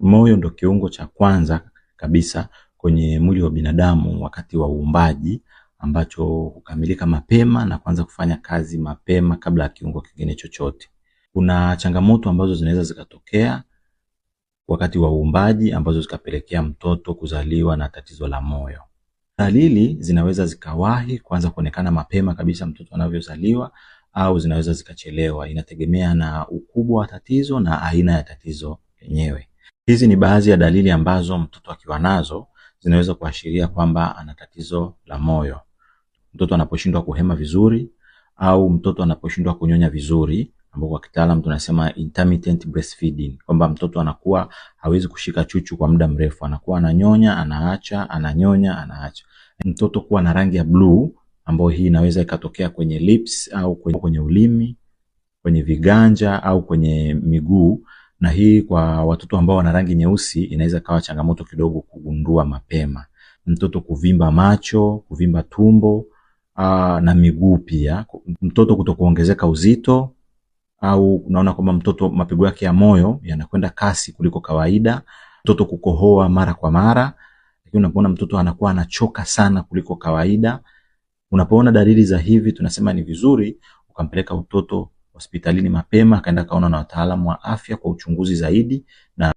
moyo ndo kiungo cha kwanza kabisa kwenye mwili wa binadamu wakati wa uumbaji ambacho hukamilika mapema na kuanza kufanya kazi mapema kabla ya kiungo kingine chochote. Kuna changamoto ambazo zinaweza zikatokea wakati wa uumbaji ambazo zikapelekea mtoto kuzaliwa na tatizo la moyo. Dalili zinaweza zikawahi kuanza kuonekana mapema kabisa mtoto anavyozaliwa au zinaweza zikachelewa, inategemea na ukubwa wa tatizo na aina ya tatizo lenyewe. Hizi ni baadhi ya dalili ambazo mtoto akiwa nazo zinaweza kuashiria kwamba ana tatizo la moyo. Mtoto anaposhindwa kuhema vizuri au mtoto anaposhindwa kunyonya vizuri ambapo kwa kitaalamu tunasema intermittent breastfeeding, kwamba mtoto anakuwa hawezi kushika chuchu kwa muda mrefu, anakuwa ananyonya anaacha, ananyonya anaacha. Mtoto kuwa na rangi ya bluu ambayo hii inaweza ikatokea kwenye lips au kwenye ulimi, kwenye viganja au kwenye miguu na hii kwa watoto ambao wana rangi nyeusi inaweza kawa changamoto kidogo kugundua mapema, mtoto kuvimba macho, kuvimba tumbo aa, na miguu pia, mtoto kutokuongezeka uzito au unaona kwamba mtoto mapigo yake ya moyo yanakwenda kasi kuliko kawaida, mtoto kukohoa mara kwa mara, lakini unapoona mtoto anakuwa anachoka sana kuliko kawaida, unapoona dalili za hivi, tunasema ni vizuri ukampeleka mtoto hospitalini mapema akaenda kaona na wataalamu wa afya kwa uchunguzi zaidi na